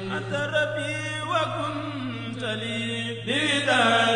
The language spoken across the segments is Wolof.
أنت ربي وكنت لي بذلك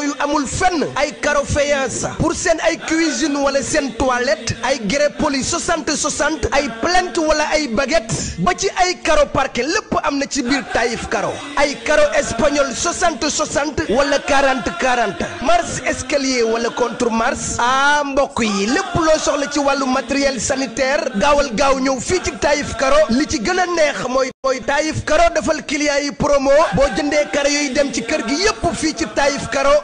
yooyu amul fenn ay carreau faïence pour seen ay cuisine wala seen toilette ay grès poli 60 60 ay plinthe wala ay baget ba ci ay carreau parquet lépp am na ci biir Taïf Carreau ay carreau espagnol 60 60 wala 40 40 marche escalier wala contre marche ah mbokk yi lépp loo soxla ci wàllu matériel sanitaire gaawal gaaw ñëw fii ci Taïf Carreau li ci gën a neex mooy mooy Taïf Carreau defal client yi promo boo jëndee carreau yooyu dem ci kër gi yépp fii ci Taïf Carreau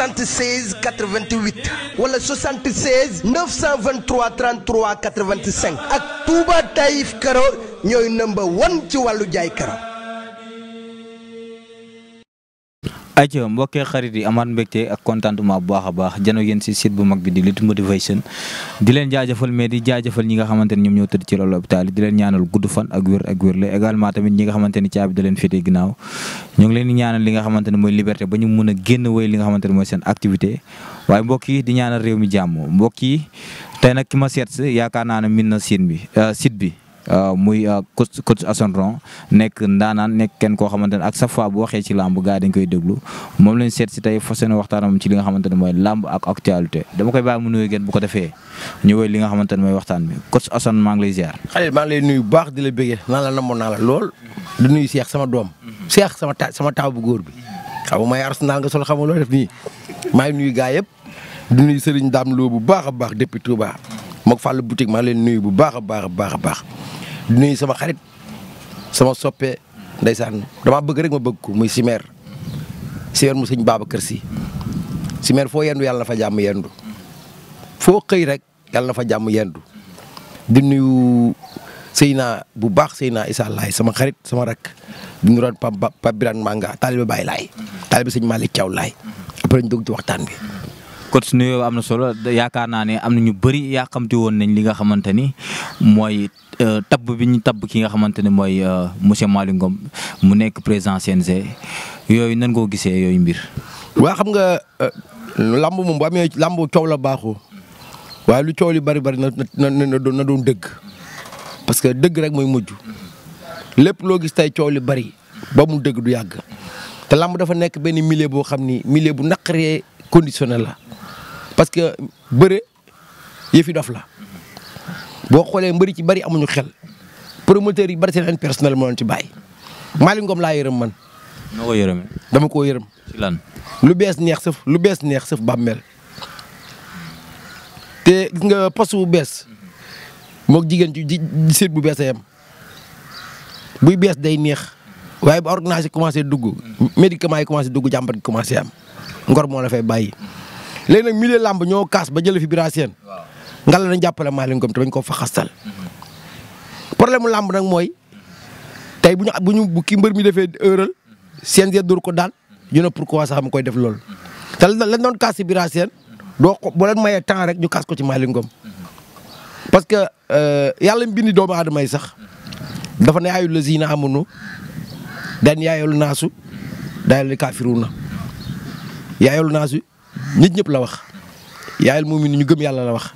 76 88 wala 76 923 33 85 ak Touba Taïf Karo ñooy number one ci wàllu jaay karo ayca mbokkee xarit yi amaat mbégte ak contentement bu baax a baax jano yéen si site bu mag bi di Lutte Motivation di leen jaajëfal mais di jaajëfal ñi nga xamante ni ñoom ñoo tëdd ci loolu hôpital yi di leen ñaanal gudd fan ak wér ak wér la également tamit ñi nga xamante ni caabi da leen féetee ginnaaw ñoo ngi leen ñaanal li nga xamante ne mooy liberté ba ñu mun a génn wéy li nga xamante ne mooy seen activité waaye mbokk di ñaanal réew mi jàmm mbokk yi tey nag ki ma seet yaakaar naa ne min na siin bi euh, site bi Euh, muy euh, coach coach Assane Ron nekk ndaanaan nekk kenn koo xamante ne ak chaque fois bu waxee ci làmb gars yi dañ koy déglu moom lañ seet si tey fas yéene waxtaanam ci li nga xamante ne mooy làmb ak actualité dama koy bàyyi mu nuyu ngeen bu ko defee li nga xamante ne mooy waxtaan bi coach Assane maa ngi lay ziar. Xalil maa ngi lay nuyu bu baax di la bëggee naan la lool sama doom. Cheikh sama ta sama taaw bu góor bi. xaw may Arsenal nga sol xam loo def nii maa ngi nuyu gars yëpp di nuyu Serigne Dame Lo bu baax a baax depuis Touba moog Fallou boutique maa ngi leen nuyu bu baax a baax a baax a baax nuyu sama xarit sama soppe ndeysaan damaa bëgg rek ma bëgg ko muy simeer simeer mu sëñ Babacar Si simeer foo yendu yàlla na fa jàmm yendu foo xëy rek yàlla fa jàmm yendu di nuyu sëy naa bu baax sëy naa Issa Laay sama xarit sama rakk di nuyu Pape Birane Manga taalibe Baye Laay taalibe sëñ Malick caw Laay après ñu ci waxtaan bi coach nuyoo am na solo yaakaar naa ne am na ñu bëri yaaxamti woon nañ li nga xamante ni mooy euh, tabb bi ñu tabb ki nga xamante ne mooy euh, monsieur Malick Ngom mu nekk président CNG yooyu nan koo gisee yooyu mbir. waa xam nga euh, lamb moom bu amee lamb coow la baaxoo waaye lu coow li bari bari na na na na doon dëgg parce que dëgg rek mooy mujj lépp loo gis tey coow li bari ba mu dëgg du yàgg te lamb dafa nekk benn milieu boo xam ni milieu bu naqaree conditionnel la. parce que bëre yëfi dof la boo xoolee mbëri ci bari amuñu xel pour promoteurs yi bari seen personnel moo leen ci bàyyi Malick laa yërëm man. noo dama koo yërëm. lan lu bees neex sëf lu bees neex sëf bàmmeel te gis nga poste bu bees moog jigéen ci ji bu bees a yem buy bees day neex waaye ba ordonnance yi commencé dugg médicament yi commencé dugg jàmbat gi commencé am ngor moo la fay bàyyi. léegi nag milieu làmb ñoo kaas ba jëlee fi Bira Sène ngalla nañ jàppale Malick Ngom te bañ koo fa xastal problème mu làmb nag mooy tey bu ñu bu ñu bu mbër mi defee erreur seen seet dur ko daal mm-hmm. ñu ne pourquoi sax mu koy def loolu te lañ doon kaas si Bira Sène mm-hmm. doo ko boo leen temps rek ñu kaas ko ci Malick Ngom mm-hmm. parce que euh, yàlla mu bindi doomu aadama yi sax dafa ne yaayu lazina amunu daan yaayolu naasu daayolu kaafiruuna yaayolu nit ñëpp la wax yaayal mu'min ñu gëm yàlla la wax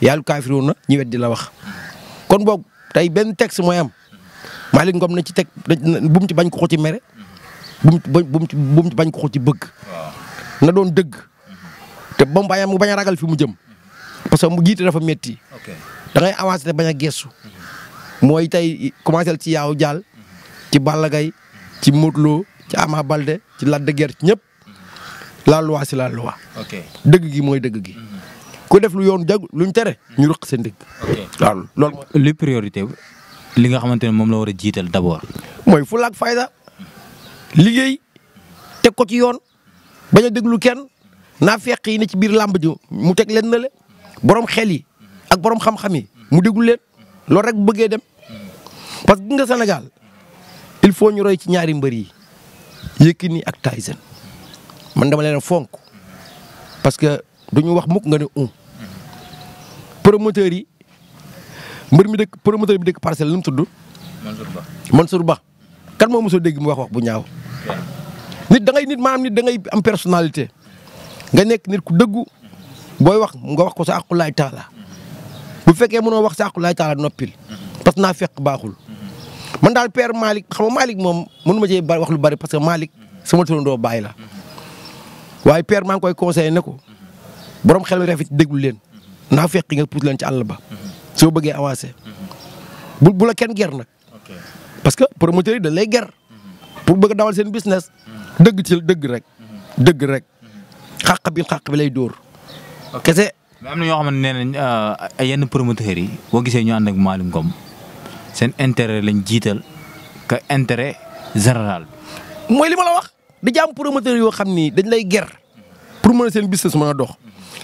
yaayal kaafiruuna ñu weddi la wax. kon boog tey benn texte mooy am Malick Ngom na ci teg bu mu ci bañ ko ko ci mere bu mu ci bañ ko ko ci bëgg. na doon dëgg te ba mu bañ mu bañ a ragal fi mu jëm parce que mu jiite dafa métti. da ngay avancé te bañ a gestu mooy tey commencé ci yaaw jaal ci Balla Gaye ci Modou ci Ama Balde ci Lac de ñëpp. la loi c'est la loi. dëgg gi mooy dëgg gi. ku def lu yoon jag luñ tere. ñu rëq seen dëgg. waaw loolu. li priorité li nga xamante ne moom la war a jiital d'abord. mooy fulla ak fayda liggéey teg ko ci yoon bañ a déglu kenn naa feq yi ne ci biir làmb ji mu teg leen na le borom xel yi ak borom xam-xam yi mu déglu leen loolu rek bu bëggee dem parce que nga Sénégal il faut ñu roy ci ñaari mbër yi Yékini ak Tyson. man dama leen fonk parce que du ñu wax mukk nga ne un promoteur yi mbër mi dëkk promoteur bi dëkk parcelle lu mu tudd. man Ba Ba kan moo mosoo dégg mu wax wax bu ñaaw. nit da nit maanaam nit da ngay am personnalité nga nekk nit ku dëggu booy wax nga wax ko sa aqulaay taala bu fekkee mënoo wax sa aqulaay taala noppil parce que naa fekk baaxul. man daal père Malick xam nga Malick moom mënu ma cee wax lu bari parce que Malick sama turandoo bàyyi la. waaye père maa ngi koy conseillé ne ko borom xel rafet déglu leen ndax fekk nga pousse leen ci àll ba soo bëggee avancé bu bu la kenn ger nag parce que promoteur yi da lay ger pour bëgg dawal seen business dëgg dëgg rek dëgg rek xàq bi xàq bi lay dóor kese. mais am na ñoo xam ne nee nañ euh, yenn promoteurs yi gisee ñu ànd ak Malick Ngom seen intérêt lañ jiital que intérêt général da ci am promoteur yoo xam ni dañ lay ger pour mën a seen business dox.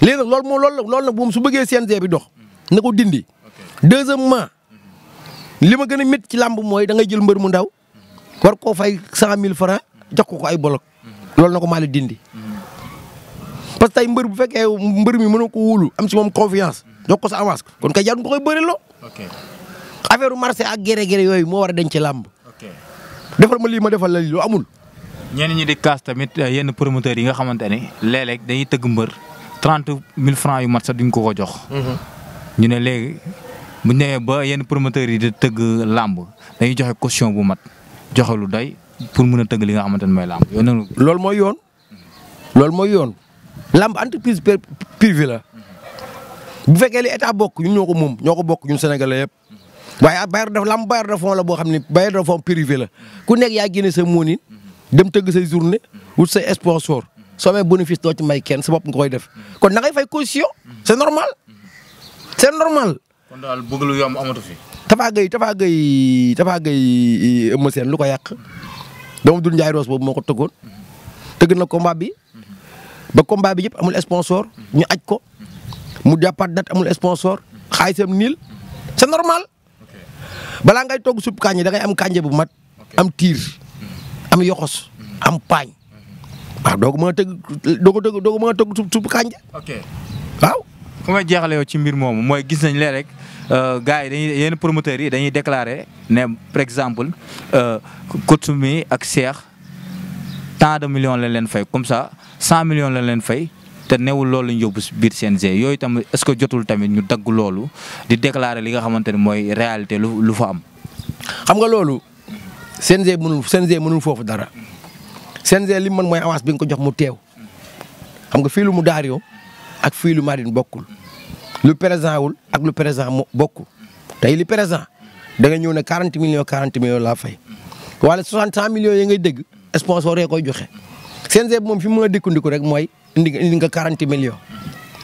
léegi nag loolu moo lool la loolu nag moom su bëggee CNG bi dox na ko dindi. deuxièmement li ma gën a métti ci làmb mooy da ngay jël mbër mu ndaw war koo fay cent mille francs jox ay bolok loolu na ko maa dindi. parce que mbër bu fekkee mbër mi mënoo ko wóolu am si moom confiance jox ko sa avance kon kay jarul nga koy bëreloo. ok affaire marché ak géré géré yooyu moo war a denc ci làmb. ok defal ma lii ma defal la amul. ñenn ñi di kaas tamit eh, yenn promoteurs yi nga xamante ni léeg-léeg tëgg mbër trente mille francs yu mat sax duñ ko ko jox. Mhm. ñu ne léegi bu ñu demee ba yenn promoteurs yi di tëgg lamb dañuy joxe caution bu mat joxe lu doy pour mën a tëgg li nga xamante ni mooy làmb yow noonu. loolu mooy yoon loolu mooy yoon làmb entreprise privée la bu fekkee li état bokk ñun ñoo ko moom ñoo ko bokk ñun Sénégalais yëpp. waaye bailleur de fonds la boo xam ne bailleur de fonds privé la ku nekk yaa génne sa moonin dem tëgg say journée wut say sponsor soo amee bénéfice doo ci may kenn sa bopp nga koy def kon da ngay fay caution c'est normal c'est normal. kon daal bëgg lu yomb amatu fi. Tapha Gueye Tapha Gueye Tapha Gueye Eumeu Sène lu ko yàq doomu dul Ndiaye moo ko tëggoon tëgg na combat bi ba combat bi yëpp amul sponsor ñu aj ko mu jàppaat date amul sponsor xaalisam niil c'est normal balaa ngay togg supp kànja da ngay am kànja bu mat am tiir. am yoxos am paañ waaw doo ko mën a tëgg doo ko doo ko mën a tëgg supp kànja ok waaw. fu may jeexale yow ci mbir moomu mooy gis nañ leen rek euh, gars yi dañuy yenn promoteurs yi dañuy déclarer ne par exemple euh, Koutoumi ak Cheikh tant de millions lañ leen fay comme ça cent millions lañ leen fay. te newul loolu ñu yóbbu biir CNG yooyu tamit est-ce que jotul tamit ñu dagg loolu di déclarer li nga xamante ne mooy réalité lu lu fa am. xam nga loolu CNG mënul CNG mënul foofu dara CNG li man mooy avance bi nga ko jox mu teew xam nga fii lu mu daariyoo ak fii lu marine bokkul lu présent wul ak lu présent mu bokkul tey li présent da na ñëw ne 40 millions 40 millions laa fay wala 60 millions yi ngay dégg sponsor yee ko joxe CNG moom fi mu mën a dikkandiku rek mooy indi nga indi nga 40 millions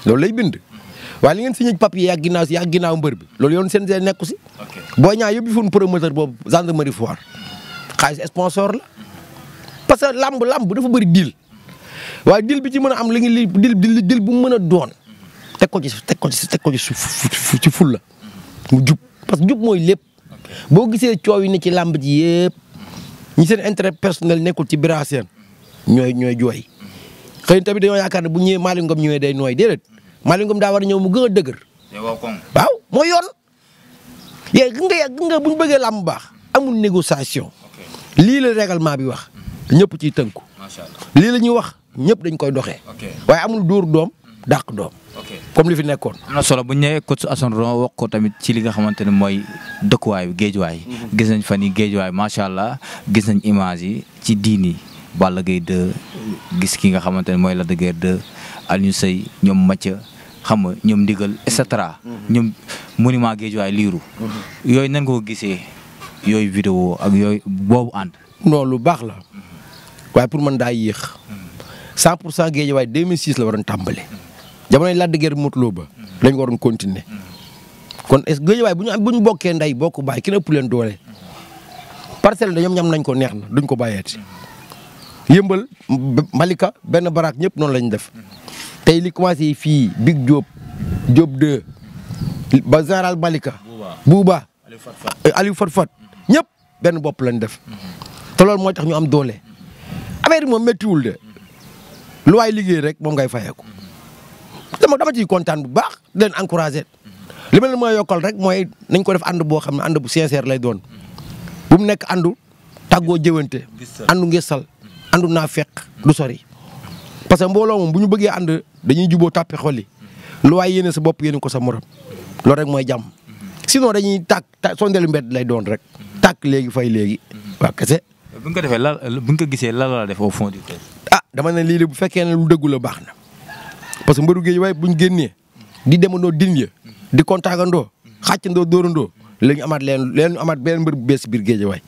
loolu lay bind. waaye i ngeen signé papier yaa ginnaaw si yaa ginnaaw mbër bi loolu yoon CNG nekku si. boo ñaa yóbbu fu promoteur boobu gendarmerie foire. xaalis sponsor la parce que làmb bu dafa bëri dil waaye dil bi ci mën am li ngi li dil dil bu mu mën a doon teg ko ci teg ko teg ko ci suuf ful la mu jub parce que jub mooy lépp boo gisee coow yi ne ci làmb ji yëpp ñi seen intérêt personnel nekkul ci bira seen ñooy ñooy jooy xëy na tamit dañoo ne bu ñëwee Malick Ngom ñëwee day nooy déedéet Malick daa war a mu gën a dëgër. waaw mooy yoon. yaa ngi nga yaa nga bu ñu bëggee làmb baax amul négociation. lii la règlement bi wax ñëpp ci tënku. macha allah lii la ñuy wax ñëpp dañ koy doxee. waaye amul dóor doom dàq doom. comme li fi nekkoon. am solo bu ñu ñëwee coach Assane wax ko tamit ci li nga xamante ne mooy dëkkuwaayu géejuwaay. Mhm. gis nañ fan yi géejuwaay macha allah gis nañ image yi ci diini yi Balla Gaye gis ki nga xamante ne mooy Lac de Guiers 2 Alioune Seye ñoom Mathia xam nga ñoom ndigal et cetera. Mhm. ñoom monument géejuwaay liiru. Mhm. yooyu nan ko gisee. yooyu vidéo ak yooyu boobu ànd. non lu baax la waaye pour man daa yéex 100 pour cent Guédiawaye 2006 la waroon tàmbale jamonoy Lac de Guiers Modou Lô ba lañ waroon continuer kon est-ce que Guédiawaye bu ñu am bu ñu bokkee ndey boo ko bàyyi ki ëpp leen doole parcelle ñoom ñam nañ ko neex na duñ ko bàyyeeti yëmbal Malika benn baraak ñëpp noonu lañ def tey li commencé fii Big Diop Diop 2 ba général Malika. Bouba Aliou Fatfat Aliou ñëpp benn bopp lañ def te loolu moo tax ñu am doole affaire bi moom méttiwul de lu waay liggéey rek moom ngay fayeeku tama dama ciy kontaan bu baax di leen encouragé li ma leen mën a yokkal rek mooy nañ ko def ànd boo xam ne ànd bu sincère lay doon bu mu nekk àndu tàggoo jëwante àndu ngesal àndu naa fekk du sori parce que mbooloo moom bu ñu bëggee ànd dañuy juboo tàppe xol lu waay yéene sa bopp yéene ko sa morom loolu rek mooy jàmm sinon dañuy tàkk sondelu mbedd lay doon rek tàkk léegi fay léegi. Mhm. waa kese. bu nga ko defee la bu nga ko gisee la la def au fond du cœur. ah dama ne lii bu fekkee ne lu dëggu la baax na parce que mbëru géej bu buñ génnee di demandoo dindi mhm. di kontaagandoo mhm. xàccandoo dóorandoo la ñu amaat leen leen amaat benn mbër bu bees biir géej waay.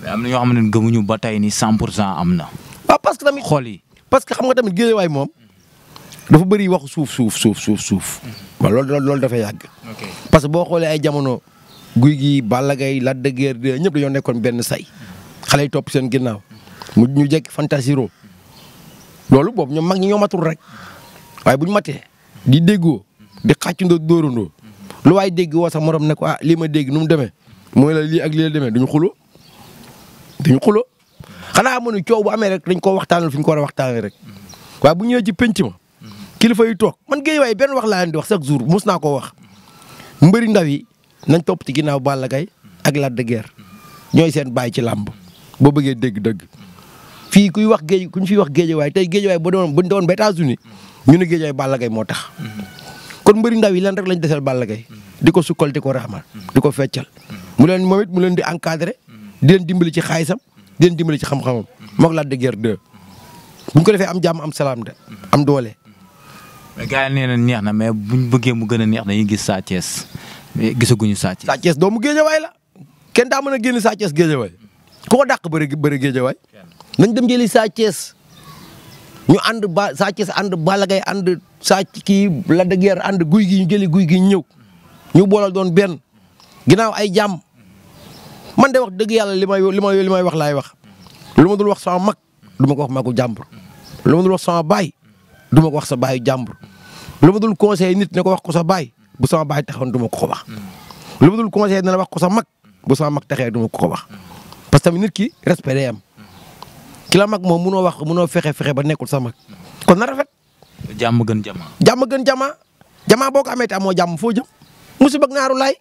mais am na ñoo xam ne gamuñu ba tey ni 100 pour cent am na. waaw ah, parce que tamit xool yi parce que xam nga tamit géej waay moom. dafa bëri waxu suuf suuf suuf suuf suuf. waaw loolu loolu dafa yàgg. parce que guy gi Balla Gaye Lac de Guiers ñëpp dañoo nekkoon benn say xale yi topp seen ginnaaw mu ñu jekk fantasiro loolu boobu ñoom mag ñi ñoo rek waaye bu ñu matee di déggoo di xàccundoo dóorandoo lu waay dégg woo sax morom ne ko ah lii ma dégg nu mu demee mooy la lii ak lii la demee duñu xuloo duñu xuloo xanaa amoon ne coow bu amee rek dañ koo waxtaanal fi ñu ko a waxtaanee rek waaye bu ñëwee ci kilifa yi toog man géej waaye benn wax laa leen di wax jour mos naa koo wax mbëri ndaw yi nañ topp ci ginnaaw Balla gay ak Lac de Guiers ñooy seen baay ci làmb boo bëggee dégg-dëgg fii kuy wax géej kuñ fiy wax géejawaay tey géejawaay bu doon buñ doon ba États-Unis ñu ne géejawaay Balla gay moo tax kon mbëri ndaw yi leen rek lañ deseel Balla gay di ko sukkal di ko raamal di ko feccal mu leen moom mu leen di encadré di dimbali ci xaalisam di leen dimbali ci xam-xamam moog Lac de Guiers 2 buñ ko defee am jàmm am salaam de am doole. mais gars nee na neex na mais buñ bëggee mu gën a neex dañuy gis Sa Thiès mais gisaguñu Sa Thiès. Sa Thiès doomu géejawaay la kenn daa mën a génn Sa Thiès géejawaay ku ko dàq bëri bëri géejawaay nañ dem jëli Sa ñu ànd ba Sa Thiès ànd Balla Gaye ànd saa kii la dëgg guerre ànd guy gi ñu jëli guy gi ñëw ñu boolal doon benn ginnaaw ay jàmm man de dëgg yàlla li may li may li may wax laay wax lu ma dul wax sama mag du ma ko wax magu jàmbur lu ma dul wax sama baay du ma wax sa baayu jàmbur lu ma dul conseil nit na ko wax ko sa baay bu sama baay taxawoon du ma ko ko lu ma dul conseillé dina sa mag bu sama mag taxee du ma ko ko wax parce que tamit nit ki respect day am ki la mag moom munoo wax munoo fexe fexe ba nekkul sa mag kon na rafet. jàmm gën jamaa. jàmm gën jamaa jamaa boo ko amee te amoo jàmm foo jëm musiba ak naaru laay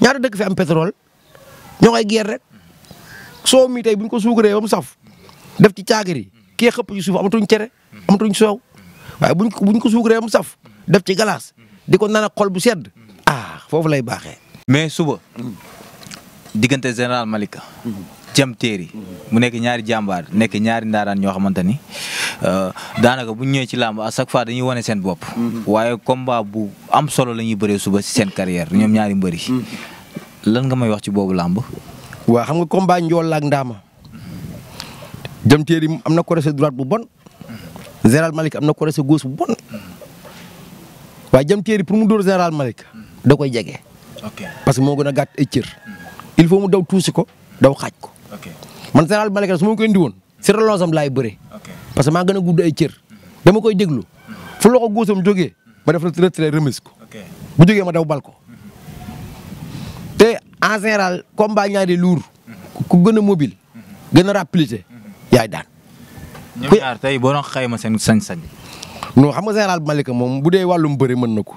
ñaari dëkk fi am soow mi tey ko suukaree ba mu saf def ci caagiri kee xëpp ci suuf amatuñ cere mu saf def ci galaas diko ko naan xol bu sedd ah foofu lay baaxee. mais suba diggante général Malika. jam téeri mu nekk ñaari jàmbaar nekk ñaari ndaaraan ñoo xamante ni euh, daanaka bu ñëwee ci làmb à chaque fois dañuy wane seen bopp. waaye combat bu am solo la ñuy bëree suba si seen carrière ñoom ñaari mbëri lan nga may wax ci boobu làmb. waa xam nga combat njool ak ndaama. jam téeri am na corée droite bu bon. général Malick am na corée gauche bu bon. waaye jam téeri pour mu door général Malick da koy jege. parce que moo gën a gàtt ay il faut mu daw tuusi ko daw xaaj ko. man général Malick su ma ko indi woon si relance am laay parce que maa gën a gudd ay cër. dama koy déglu fu loxo góosam jógee ma def retrait remise ko. bu jógee ma daw bal ko. te en général combat ñaari lourd ku gën a mobile. gën a rapidité yaay daan. ñoom ñaar tey boo doon xayma seen sañ-sañ. non xam nga général Malika moom bu dee wàllum bëri mën na ko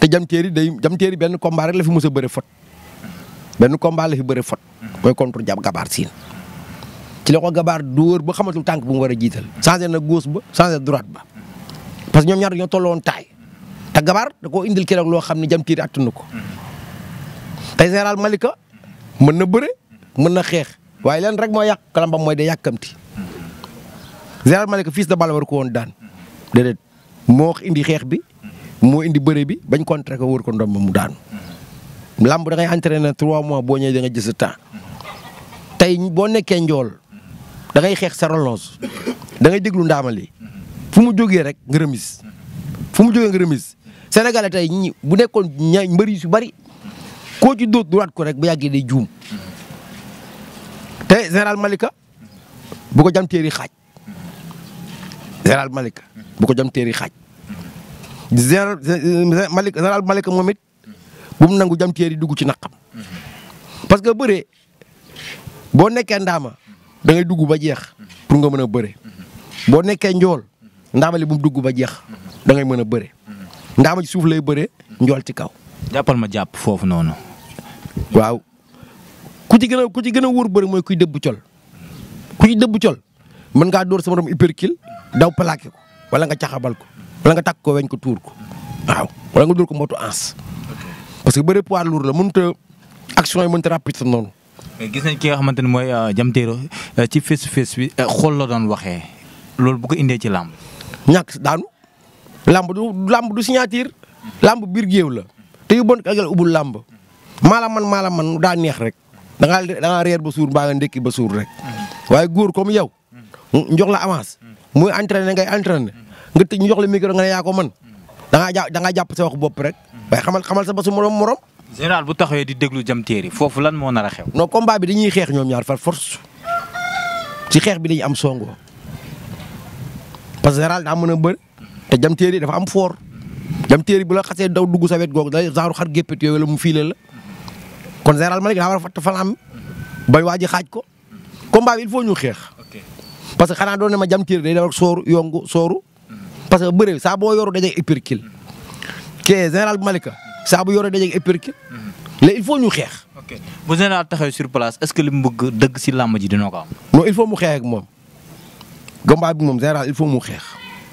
te jam teeri day jam teeri benn combat rek la fi mos a bëri fot benn combat la fi bëri fot mooy contre jab gabaar siin ci la ko gabaar dóor ba xamatul tànk bu mu war a jiital changé na gauche ba changé droite ba parce que ñoom ñaar ñoo tolloon taay te gabaar da koo indil keroog loo xam ne jam teeri attanu ko te général Malika mën na bëre mën na xeex waaye leen rek mooy yàq kalambam mooy day yàkkamti général Malika fils de Balla war ko daan déedéet moo indi xeex bi moo indi bëre bi bañ kontre ko wër ko ndomb mu daanu. làmb da ngay entraîné trois mois boo ñëwee da nga gis tey boo nekkee njool da xeex sa relance da ngay déglu ndaamali fu mu jógee rek nga fu mu jógee nga remise tey ñi bu nekkoon ña mbër yu si bëri koo ci dóot duwaat ko rek bu yàggee day juum te général Malika bu ko jam téeri xaaj. général malik bu ko jom teeri xaaj général Malick général Malick moom nangu jam dugg ci naqam parce que bëree boo nekkee ndaama da ngay dugg ba jeex pour nga mën a bëre boo nekkee njool ndaama li bu dugg ba jeex da ngay mën a bëre ndaama ci suuf lay bëre njool ci kaw. jàppal ma jàpp foofu noonu. waaw ku ci gën a ku ci gën a wóor bëri mooy kuy dëbb col kuy dëbb col. mën ngaa door sa morom hypercule daw plaqué ko wala nga caxabal ko wala nga takk ko weñ ko tuur ko waaw wala nga dóor ko mbootu ans parce que bëre poids lourd la mënut a action yi mënut a rapide sa noonu. gis nañ ki nga xamante ne mooy Diam euh, Terro euh, ci face face bi euh, xool la doon waxee loolu bu ko indee ci làmb. ñàkk daanu lamb du làmb du signature làmb biir géew la te yu bon agal ubul làmb maala man maala man daa neex rek da da reer ba suur mbaa nga ndékki ba suur rek mm. waaye góor comme yow. ñu jox la avance muy entraîné ngay entraîné nga tëj ñu jox la micro nga ne yaa ko mën da ngaa ja da ngaa jàpp sa wax bopp rek waaye xamal xamal sa ba su morom morom. général bu taxawee di déglu Diam foofu lan moo nar a xew. non combat bi daa mën a bër te Diam dafa am foor Diam bu la xasee daw dugg sa wet googu da genre xar géppit yooyu la mu fiile la kon général Malick daa war a fatt bañ waa xaaj ko combat bi il ñu xeex. parce que xanaa doon ne ma jam tiir day def ak sooru parce que bëre saa boo yoru dajeeg épirkil kee général Malika saa bu yoru dajeeg épirkil mais il faut ñu xeex. ok bu général taxaw sur place ce que li mu bëgg dëgg si làmb ji dina ko am. non il faut mu xeex ak moom général il faut mu xeex.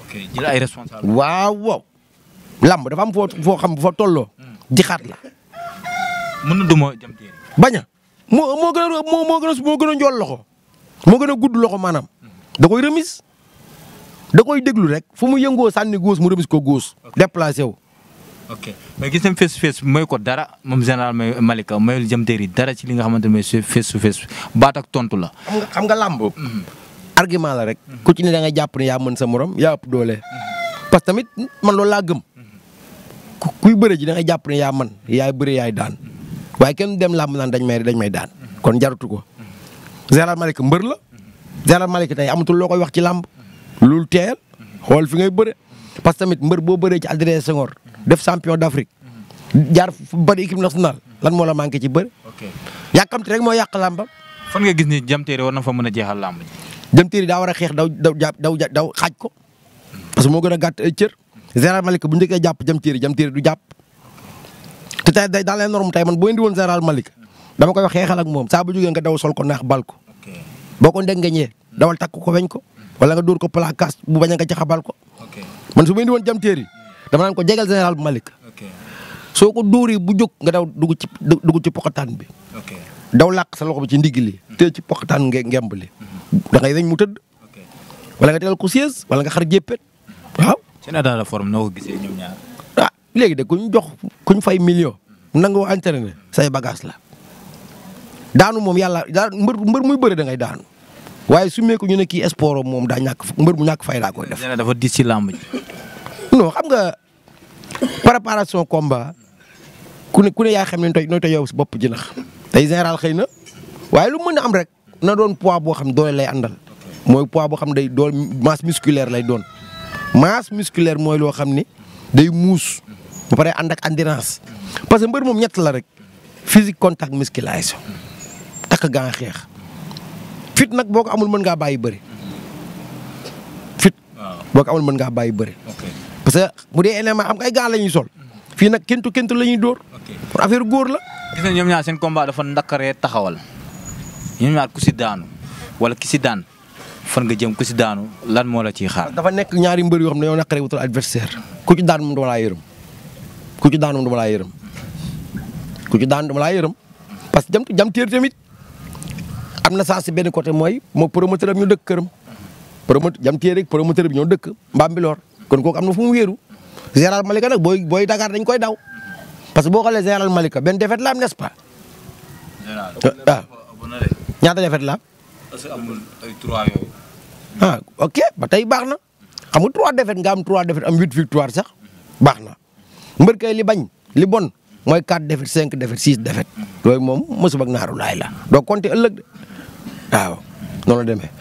ok jël ay responsable. dafa am foo hmm. la. mën na duma jam tiir. bañ a moo moo gën moo gën loxo moo gën gudd loxo maanaam. da koy remise da koy déglu rek fu mu yëngoo sànni góos mu remise ko góos déplacé wu. ok mais gis nañ face to ko dara moom général may Malika mayul jëm teeri dara ci li nga xamante ne mooy face to baat ak tontu la. xam nga làmb. Mhm. argument la rek. Mhm. ku ci ne da nga jàpp ne yaa mën sa morom yaa ëpp doole. Mhm. parce que tamit man loolu laa gëm. kuy bëre ji da nga jàpp ne yaa man yaay bëre yaay daan waaye kenn dem làmb naan dañ may dañ may daan kon jarutu ko. général Malika mbër la. Général Malika tey amatul loo koy wax ci làmb loolu teel xool fi ngay bëre parce que tamit mbër boo bëree ci Adrien Senghor def champion d'Afrique jaar bari équipe nationale lan moo la manqué ci bëre. ok yàkkamti rek moo yàq làmb. fan nga gis ni Diam Terry war na fa mën a jeexal làmb ji. Diam daa war a xeex daw daw jàpp daw daw xaaj ko parce que moo gën a gàtt ay cër Général Malika bu njëkkee jàpp Diam Terry Diam Terry du jàpp te tey day dans les normes man boo ndiwoon woon Général Malika dama koy wax xeexal ak moom daw sol ko neex bal boo ko ndengeñee dawal takk ko weñ ko wala nga dóor ko placage bu bañ a nga jaxabal ko. man su ma indi woon jam yi dama naan ko jegal général bu Malick. soo ko dóoree bu jóg nga daw dugg ci dugg ci poqataan bi. daw làq sa loxo bi ci ndigg li mm-hmm. te ci pokataan nge ngemb li mm-hmm. da ngay weñ mu tëdd. wala nga tegal ko siège wala nga xar jéppet mm-hmm. waaw. seen état de forme ah léegi de ku ñu jox ku ñu fay million. nangoo entraîné say bagage la daanu moom yàlla daal mbër mbër muy bëri da ngay daanu. waaye su meeku ñu ne kii sport moom daa ñàkk mbër bu ñàkk fay laa koy def. dafa dis ci làmb ji. xam nga préparation combat ku ne ku ne xam ne nooy nooy yow si bopp ji nax tey général xëy na waaye lu mën a am rek na doon poids boo xam doole lay àndal mooy poids boo xam day dool masse musculaire lay doon masse musculaire mooy loo xam ni day muus bu pare ànd ak endurance parce que mbër moom ñett la rek physique contact musculation takk gaa xeex. fit nag boo ko amul mën ngaa bàyyi bëri. fit boo ko mën ngaa bàyyi bëri. parce que bu dee élément am ay gaa la ñuy sol. fii nag kentu kentu lañuy door dóor. pour góor la. gis nañ ñoom ñaar seen combat dafa ndakaree taxawal ñoom ñaar ku si daanu wala ki si daan fan nga jëm ku si daanu lan moo la ciy xaar. dafa nekk ñaari mbër yoo xam ne dañoo nakaree wutal adversaire ku ci daan moom dama laa yërëm ku ci daan moom laa yërëm parce que jam jam téer am na sens si benn côté mooy moo promoteur am ñu dëkk këram promoteur jam téye rek promoteur bi ñoo Mbambilor kon kooku am na fu mu wéeru général Malika nag booy booy Dakar dañ koy daw parce que boo xoolee général Malika benn défaite la am n'est-ce pas. waaw ah, ah. ñaata défaite la am. parce que trois yooyu. Ah, ba tey baax na xam nga trois défaite nga am trois défaite am huit victoire sax baax na mbër kay li bañ li bon mooy quatre défaite cinq défaite six défaite. Mm-hmm. loolu moom mosuma naaru laay waaw noonu la demee.